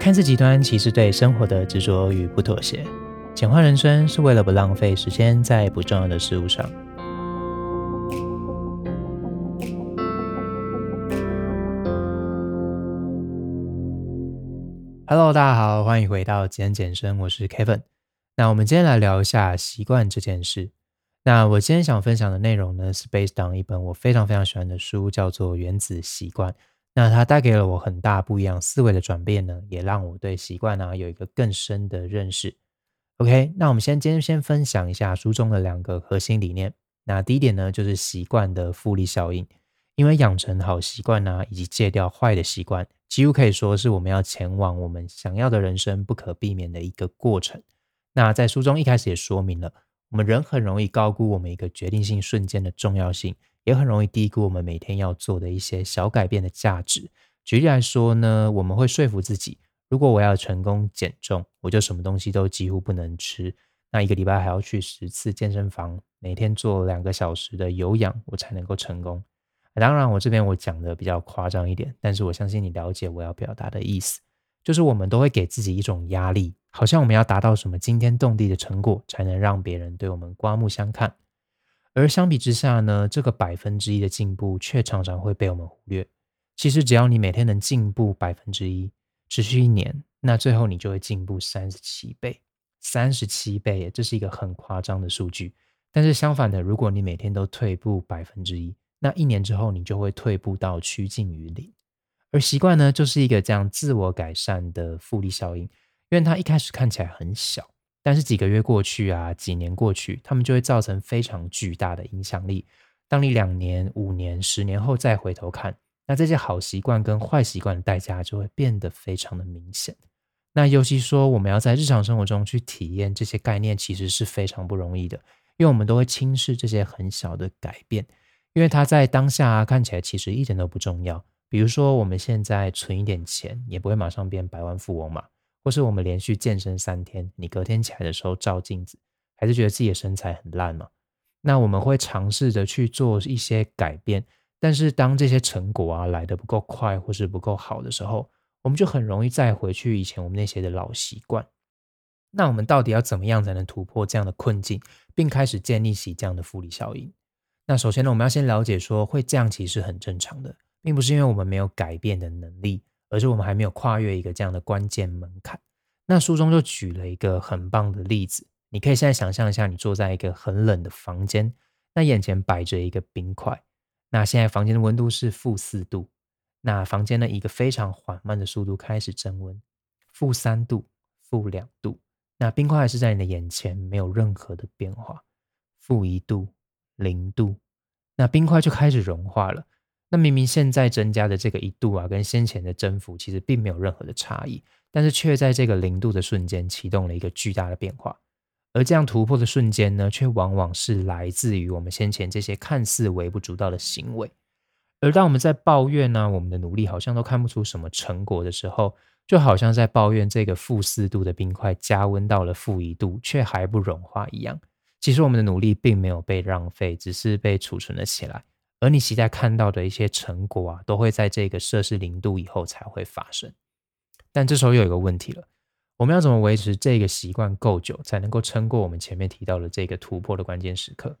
看似極端，其實對生活的執着與不妥協。簡化人生是為了不浪費時間在不重要的事物上。Hello，大家好，歡迎回到極人簡生，我是 Kevin。那我們今天來聊一下習慣這件事。那我今天想分享的內容呢，是 based on 一本我非常非常喜歡的書，叫做《原子習慣》。那它帶給了我很大不一樣思維的轉變呢，也讓我對習慣呢、啊，有一個更深的認識。OK，那我們先今天先分享一下書中的兩個核心理念。那第一點呢，就是習慣的複利效應。因為養成好習慣呢、啊，以及戒掉壞的習慣，幾乎可以說是我們要前往我們想要的人生不可避免的一個過程。那在書中一開始也說明了，我們人很容易高估我們一個決定性瞬間的重要性。也很容易低估我們每天要做的一些小改變的價值。舉例來說呢，我們會說服自己，如果我要成功減重，我就什麼東西都幾乎不能吃，那一個禮拜還要去十次健身房，每天做兩個小時的有氧，我才能夠成功。當然，我這邊我講的比較誇張一點，但是我相信你了解我要表達的意思，就是我們都會給自己一種壓力，好像我們要達到什麼驚天動地的成果，才能讓別人對我們刮目相看。而相比之下呢，這個百分之一的進步卻常常會被我們忽略。其實只要你每天能進步百分之一，持續一年，那最後你就會進步三十七倍，三十七倍，這是一個很誇張的數據。但是相反的，如果你每天都退步百分之一，那一年之後你就會退步到趨近於零。而習慣呢，就是一個這樣自我改善的複利效應，因為它一開始看起來很小。但是幾個月過去啊，幾年過去，他們就會造成非常巨大的影響力。當你兩年、五年、十年後再回頭看，那這些好習慣跟壞習慣的代價就會變得非常的明顯。那尤其說我們要在日常生活中去體驗這些概念，其實是非常不容易的，因為我們都會輕視這些很小的改變，因為它在當下啊，看起來其實一點都不重要。比如說，我們現在存一點錢，也不會馬上變百萬富翁嘛。或是我們連續健身三天，你隔天起來的時候照鏡子，還是覺得自己的身材很爛嘛？那我們會嘗試着去做一些改變，但是當這些成果啊來得不夠快或是不夠好的時候，我們就很容易再回去以前我們那些的老習慣。那我們到底要怎麼樣才能突破這樣的困境，並開始建立起這樣的複利效應？那首先呢，我們要先了解說會降級是很正常的，並不是因為我們沒有改變的能力。而是我們還沒有跨越一個這樣的關鍵門檻。那書中就舉了一個很棒的例子，你可以現在想象一下，你坐在一個很冷的房間，那眼前擺着一個冰塊，那現在房間的溫度是負四度，那房間呢，一個非常緩慢的速度開始增溫，負三度、負兩度，那冰塊還是在你的眼前沒有任何的變化，負一度、零度，那冰塊就開始融化了。那明明現在增加的這個一度啊，跟先前的增幅其實並沒有任何的差異，但是卻在這個零度的瞬間啟動了一個巨大的變化。而這樣突破的瞬間呢，卻往往是來自於我們先前這些看似微不足道的行為。而當我們在抱怨呢、啊，我們的努力好像都看不出什麼成果的時候，就好像在抱怨這個負四度的冰塊加溫到了負一度，卻還不融化一樣。其實我們的努力並沒有被浪費，只是被儲存了起來。而你期待看到的一些成果啊，都會在這個攝氏零度以後才會發生。但這時候又有一個問題了，我們要怎麼維持這個習慣夠久，才能夠撐過我們前面提到的這個突破的關鍵時刻？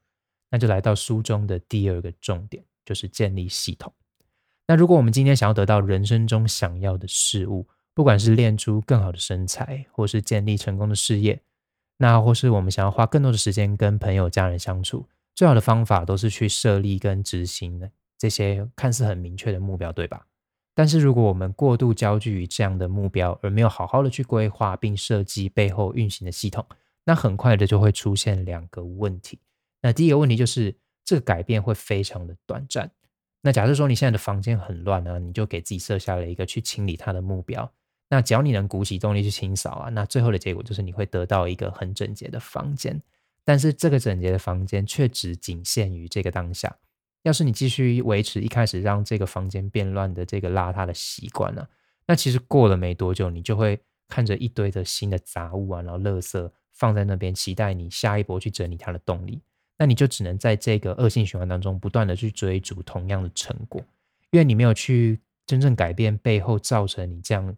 那就來到書中的第二個重點，就是建立系統。那如果我們今天想要得到人生中想要的事物，不管是練出更好的身材，或是建立成功的事業，那或是我們想要花更多的時間跟朋友家人相處。最好的方法都是去設立跟執行這些看似很明確的目標，對吧？但是如果我們過度聚焦於這樣的目標，而沒有好好的去規劃並設計背後運行的系統，那很快的就會出現兩個問題。那第一個問題就是，這個改變會非常的短暫。那假設說你現在的房間很亂呢、啊，你就給自己設下了一個去清理它的目標。那只要你能鼓起動力去清掃啊，那最後的結果就是你會得到一個很整潔的房間。但是這個整潔的房間卻只僅限於這個當下。要是你繼續維持一開始讓這個房間變亂的這個邋遢的習慣呢、啊？那其實過了沒多久，你就會看着一堆的新的雜物啊，然後垃圾放在那邊，期待你下一波去整理它的動力。那你就只能在這個惡性循環當中不斷地去追逐同樣的成果，因為你沒有去真正改變背後造成你這樣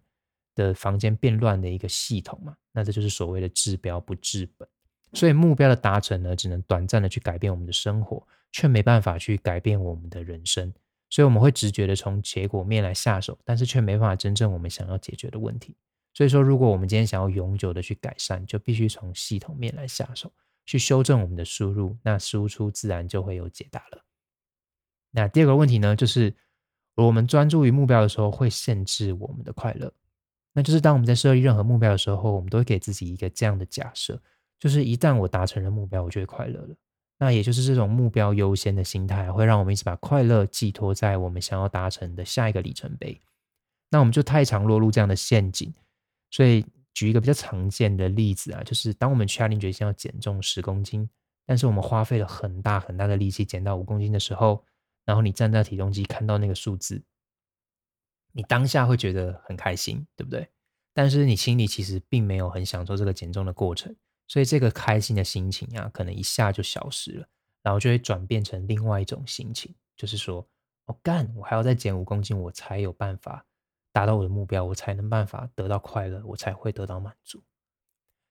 的房間變亂的一個系統嘛。那這就是所謂的治標不治本。所以目標的達成呢，只能短暫的去改變我們的生活，卻沒辦法去改變我們的人生。所以我們會直覺的從結果面來下手，但是卻沒辦法真正我們想要解決的問題。所以說，如果我們今天想要永久的去改善，就必須從系統面來下手，去修正我們的輸入，那輸出自然就會有解答了。那第二個問題呢，就是我們專注於目標的時候，會限制我們的快樂。那就是當我們在設立任何目標的時候，我們都會給自己一個這樣的假設。就是一旦我達成了目標，我就會快樂了。那也就是這種目標優先的心態，會讓我們一直把快樂寄託在我們想要達成的下一個里程碑。那我們就太常落入這樣的陷阱。所以舉一個比較常見的例子啊，就是當我們下定決心要減重十公斤，但是我們花費了很大很大的力氣減到五公斤的時候，然後你站在體重機看到那個數字，你當下會覺得很開心，對不對？但是你心裡其實並沒有很享受這個減重的過程。所以這個開心的心情啊，可能一下就消失了，然後就會轉變成另外一種心情，就是說，我、哦、幹，我還要再減五公斤，我才有辦法達到我的目標，我才能辦法得到快樂，我才會得到滿足。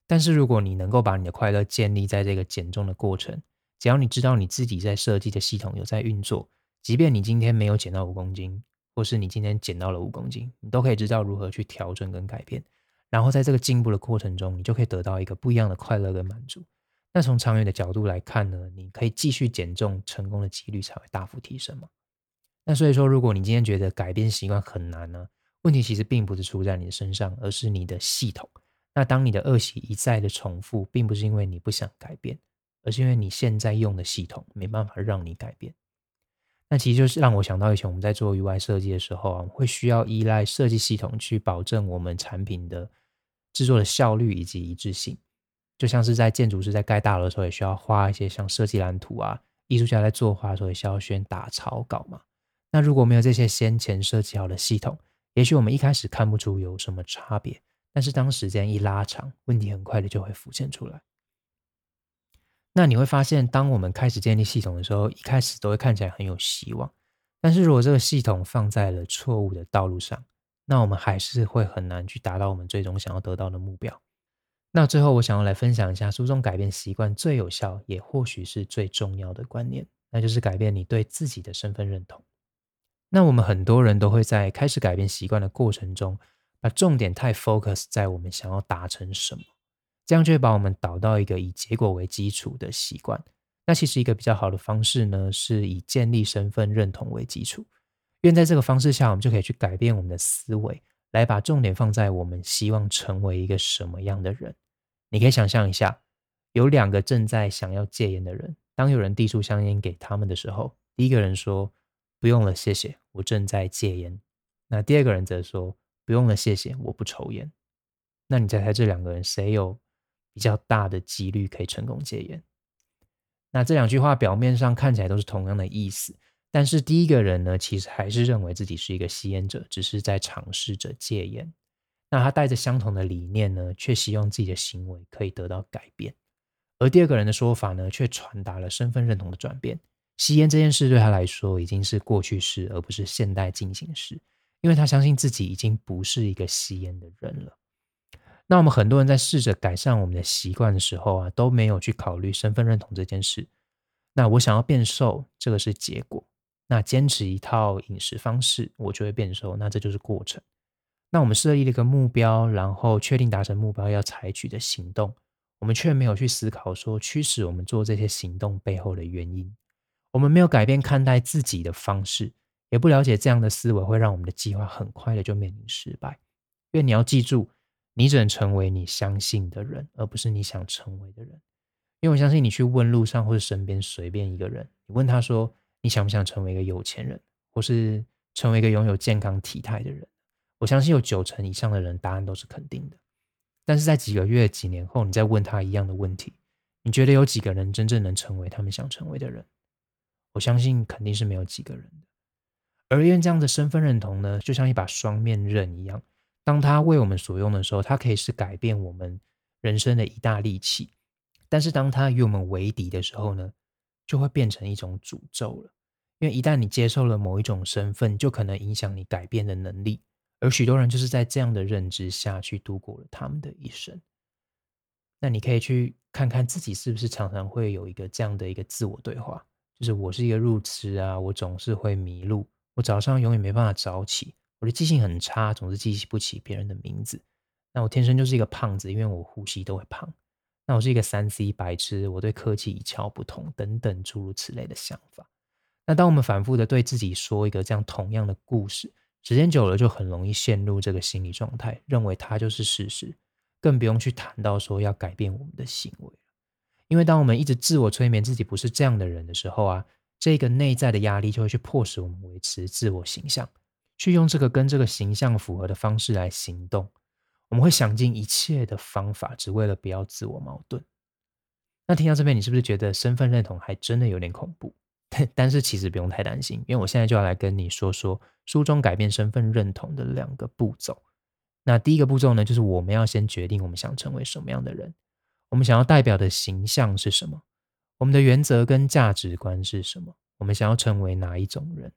但是如果你能夠把你的快樂建立在這個減重的過程，只要你知道你自己在設計的系統有在運作，即便你今天沒有減到五公斤，或是你今天減到了五公斤，你都可以知道如何去調整跟改變。然後在這個進步的過程中，你就可以得到一個不一樣的快樂跟滿足。那從長遠的角度來看呢，你可以繼續減重，成功的幾率才會大幅提升嘛。那所以說，如果你今天覺得改變習慣很難呢啊，問題其實並不是出在你的身上，而是你的系統。那當你的惡習一再的重複，並不是因為你不想改變，而是因為你現在用的系統沒辦法讓你改變。那其實就是讓我想到以前我們在做 UI 設計的時候啊，我會需要依賴設計系統去保證我們產品的。製作的效率以及一致性，就像是在建築師在蓋大樓的時候，也需要畫一些像設計藍圖啊；藝術家在作畫的時候，也需要先打草稿嘛。那如果沒有這些先前設計好的系統，也許我們一開始看不出有什麼差別，但是當時間一拉長，問題很快的就會浮現出來。那你會發現，當我們開始建立系統的時候，一開始都會看起來很有希望，但是如果這個系統放在了錯誤的道路上，那我們還是會很難去達到我們最終想要得到的目標。那最後，我想要來分享一下書中改變習慣最有效，也或許是最重要的觀念，那就是改變你對自己的身份認同。那我們很多人都會在開始改變習慣的過程中，把重點太 focus 在我們想要達成什麼，這樣就會把我們導到一個以結果為基礎的習慣。那其實一個比較好的方式呢，是以建立身份認同為基礎。願在這個方式下，我們就可以去改變我們的思維，來把重點放在我們希望成為一個什麼樣的人。你可以想象一下，有兩個正在想要戒菸的人，當有人遞出香菸給他們的時候，第一個人說：“不用了，謝謝，我正在戒菸。”那第二個人則說：“不用了，謝謝，我不抽菸。”那你猜猜，這兩個人誰有比較大的幾率可以成功戒菸？那這兩句話表面上看起來都是同樣的意思。但是第一個人呢，其實還是認為自己是一個吸菸者，只是在嘗試着戒菸。那他帶着相同的理念呢，卻希望自己的行為可以得到改變。而第二個人的說法呢，卻傳達了身份認同的轉變。吸菸這件事對他來說已經是過去式，而不是現在進行式，因為他相信自己已經不是一個吸菸的人了。那我們很多人在試着改善我們的習慣的時候啊，都沒有去考慮身份認同這件事。那我想要變瘦，這個是結果。那堅持一套飲食方式，我就會變瘦。那這就是過程。那我們設立了一個目標，然後確定達成目標要採取的行動，我們卻沒有去思考說，驅使我們做這些行動背後的原因。我們沒有改變看待自己的方式，也不了解這樣的思維會讓我們的計劃很快的就面臨失敗。因為你要記住，你只能成為你相信的人，而不是你想成為的人。因為我相信，你去問路上或者身邊隨便一個人，你問他說，你想不想成為一個有錢人，或是成為一個擁有健康體態的人？我相信有九成以上的人答案都是肯定的。但是在幾個月、幾年後，你再問他一樣的問題，你覺得有幾個人真正能成為他們想成為的人？我相信肯定是沒有幾個人的。而因為這樣的身份認同呢，就像一把雙面刃一樣，當他為我們所用的時候，它可以是改變我們人生的一大利器；但是當他與我們為敵的時候呢，就會變成一種詛咒了，因為一旦你接受了某一種身份，就可能影響你改變的能力。而許多人就是在這樣的認知下去度過了他們的一生。那你可以去看看自己是不是常常會有一個這樣的一個自我對話，就是我是一個路癡啊，我總是會迷路，我早上永遠沒辦法早起，我的記性很差，總是記不起別人的名字。那我天生就是一個胖子，因為我呼吸都會胖。那我是一個三 C 白痴，我對科技一竅不通，等等諸如此類的想法。那當我們反覆的對自己說一個這樣同樣的故事，時間久了就很容易陷入這個心理狀態，認為它就是事實，更不用去談到說要改變我們的行為，因為當我們一直自我催眠自己不是這樣的人的時候啊，這個內在的壓力就會去迫使我們維持自我形象，去用這個跟這個形象符合的方式來行動。我們會想盡一切的方法，只為了不要自我矛盾。那聽到這邊，你是不是覺得身份認同還真的有點恐怖？ 但是其實不用太擔心，因為我現在就要來跟你說說書中改變身份認同的兩個步驟。那第一個步驟呢，就是我們要先決定我們想成為什麼樣的人，我們想要代表的形象是什麼，我們的原則跟價值觀是什麼，我們想要成為哪一種人。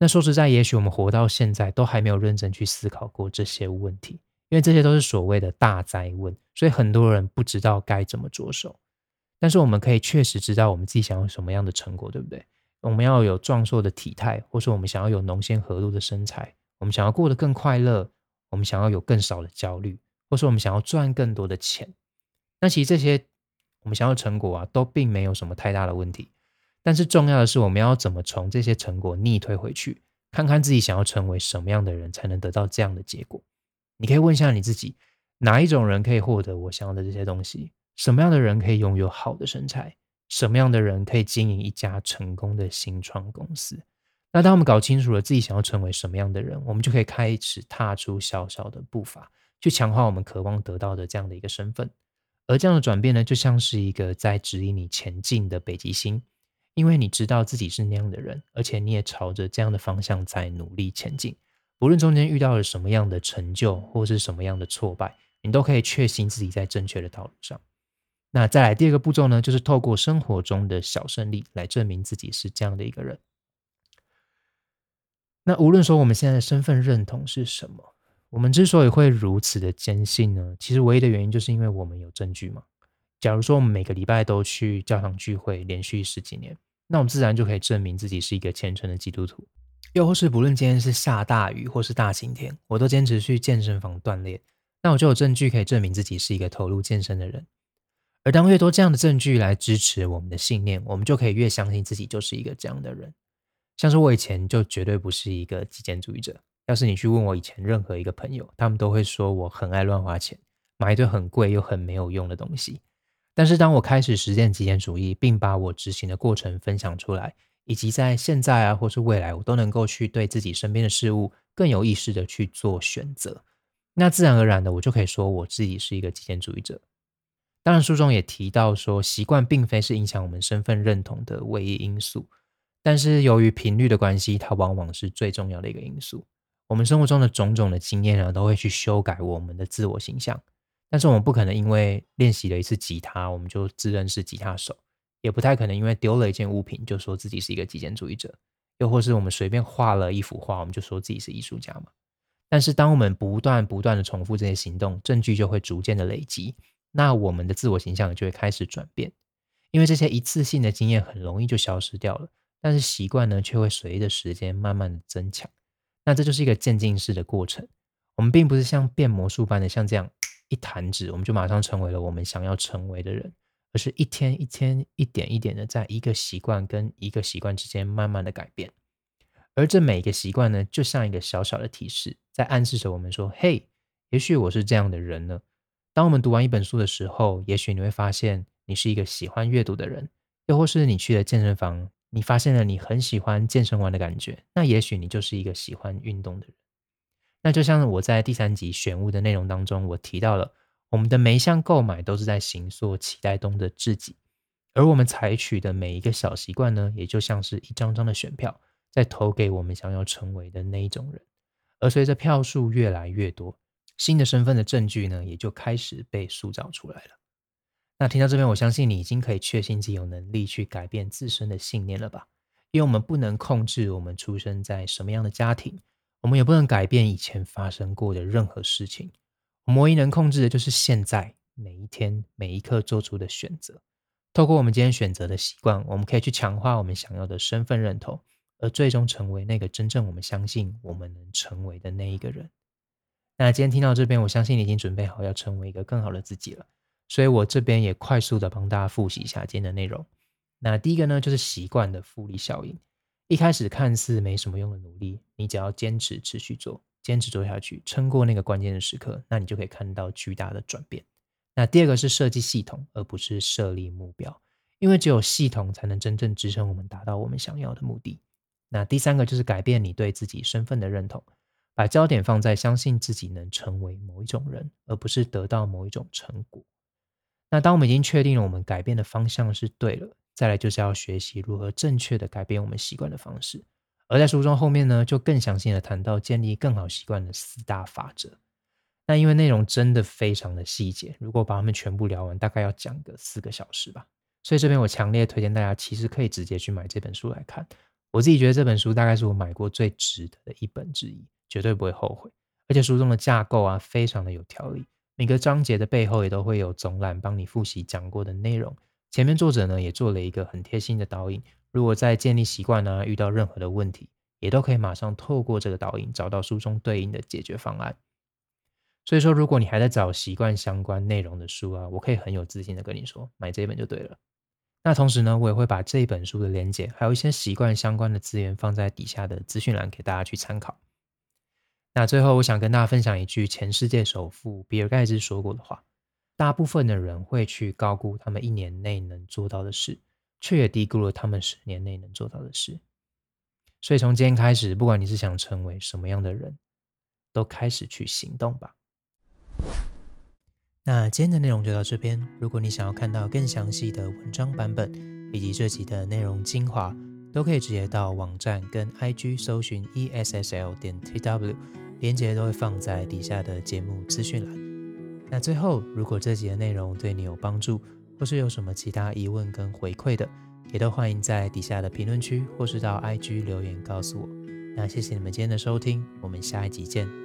那說實在，也許我們活到現在都還沒有認真去思考過這些問題。因為這些都是所謂的大哉問，所以很多人不知道該怎麼着手。但是我們可以確實知道我們自己想要什麼樣的成果，對不對？我們要有壯碩的體態，或是我們想要有穠纖合度的身材，我們想要過得更快樂，我們想要有更少的焦慮，或是我們想要賺更多的錢。那其實這些我們想要的成果啊，都並沒有什麼太大的問題。但是重要的是，我們要怎麼從這些成果逆推回去，看看自己想要成為什麼樣的人才能得到這樣的結果。你可以問一下你自己，哪一種人可以獲得我想要的這些東西？什麼樣的人可以擁有好的身材？什麼樣的人可以經營一家成功的新創公司？那當我們搞清楚了自己想要成為什麼樣的人，我們就可以開始踏出小小的步伐，去強化我們渴望得到的這樣的一個身份。而這樣的轉變呢，就像是一個在指引你前進的北極星，因為你知道自己是那樣的人，而且你也朝着這樣的方向在努力前進。無論中間遇到了什麼樣的成就，或是什麼樣的挫敗，你都可以確信自己在正確的道路上。那再來第二個步驟呢，就是透過生活中的小勝利來證明自己是這樣的一個人。那無論說我們現在的身份認同是什麼，我們之所以會如此的堅信呢，其實唯一的原因就是因為我們有證據嘛。假如說我們每個禮拜都去教堂聚會，連續十幾年，那我們自然就可以證明自己是一個虔誠的基督徒。又或是不論今天是下大雨或是大晴天，我都堅持去健身房鍛煉，那我就有證據可以證明自己是一個投入健身的人。而當越多這樣的證據來支持我們的信念，我們就可以越相信自己就是一個這樣的人。像是我以前就絕對不是一個極簡主義者，要是你去問我以前任何一個朋友，他們都會說我很愛亂花錢，買一堆很貴又很沒有用的東西。但是當我開始實踐極簡主義，並把我執行的過程分享出來，以及在現在啊，或是未來，我都能夠去對自己身邊的事物更有意識的去做選擇。那自然而然的，我就可以說我自己是一個極簡主義者。當然，書中也提到說，習慣並非是影響我們身份認同的唯一因素，但是由於頻率的關係，它往往是最重要的一個因素。我們生活中的種種的經驗呢，都會去修改我們的自我形象。但是我們不可能因為練習了一次吉他，我們就自認是吉他手。也不太可能，因為丟了一件物品就說自己是一個極簡主義者，又或是我們隨便畫了一幅畫，我們就說自己是藝術家嘛？但是當我們不斷不斷的重複這些行動，證據就會逐漸的累積，那我們的自我形象就會開始轉變，因為這些一次性的經驗很容易就消失掉了，但是習慣呢卻會隨着時間慢慢的增強，那這就是一個漸進式的過程，我們並不是像變魔術般的像這樣一彈指我們就馬上成為了我們想要成為的人。而是一天一天、一點一點的，在一個習慣跟一個習慣之間慢慢的改變。而這每一個習慣呢，就像一個小小的提示，在暗示着我們說：“嘿，也許我是這樣的人呢。”當我們讀完一本書的時候，也許你會發現你是一個喜歡閱讀的人；又或是你去了健身房，你發現了你很喜歡健身完的感覺，那也許你就是一個喜歡運動的人。那就像我在第三集選物的內容當中，我提到了。我們的每一項購買都是在形塑期待中的自己，而我們採取的每一個小習慣呢，也就像是一張張的選票，在投給我們想要成為的那一種人。而隨着票數越來越多，新的身份的證據呢，也就開始被塑造出來了。那聽到這邊，我相信你已經可以確信自己有能力去改變自身的信念了吧？因為我們不能控制我們出生在什麼樣的家庭，我們也不能改變以前發生過的任何事情。我們唯一能控制的就是現在每一天，每一刻做出的選擇。透過我們今天選擇的習慣，我們可以去強化我們想要的身份認同，而最終成為那個真正我們相信我們能成為的那一個人。那今天聽到這邊，我相信你已經準備好要成為一個更好的自己了。所以我這邊也快速的幫大家複習一下今天的內容。那第一個呢，就是習慣的複利效應。一開始看似沒什麼用的努力，你只要堅持持續做。堅持做下去，撐過那個關鍵的時刻，那你就可以看到巨大的轉變。那第二個是設計系統，而不是設立目標，因為只有系統才能真正支撐我們達到我們想要的目的。那第三個就是改變你對自己身份的認同，把焦點放在相信自己能成為某一種人，而不是得到某一種成果。那當我們已經確定了我們改變的方向是對了，再來就是要學習如何正確的改變我們習慣的方式。而在書中後面呢，就更詳細的談到建立更好習慣的四大法則。那因為內容真的非常的細節，如果把它們全部聊完，大概要講個四個小時吧。所以這邊我強烈推薦大家，其實可以直接去買這本書來看。我自己覺得這本書大概是我買過最值得的一本之一，絕對不會後悔。而且書中的架構啊，非常的有條理，每個章節的背後也都會有總覽幫你複習講過的內容。前面作者呢，也做了一個很貼心的導引。如果在建立習慣呢，遇到任何的問題，也都可以馬上透過這個導引找到書中對應的解決方案。所以說，如果你還在找習慣相關內容的書啊，我可以很有自信的跟你說，買這一本就對了。那同時呢，我也會把這本書的連結，還有一些習慣相關的資源放在底下的資訊欄，給大家去參考。那最後，我想跟大家分享一句前世界首富比爾蓋茨說過的話：大部分的人會去高估他們一年內能做到的事。卻也低估了他們十年內能做到的事，所以從今天開始，不管你是想成為什麼樣的人，都開始去行動吧。那今天的內容就到這邊。如果你想要看到更詳細的文章版本以及這集的內容精華，都可以直接到網站跟 IG 搜尋 ESSL 點 TW，鏈接都會放在底下的節目資訊欄。那最後，如果這集的內容對你有幫助，或是有什麼其他疑問跟回饋的，也都歡迎在底下的評論區或是到 IG 留言告訴我。那謝謝你們今天的收聽，我們下一集見。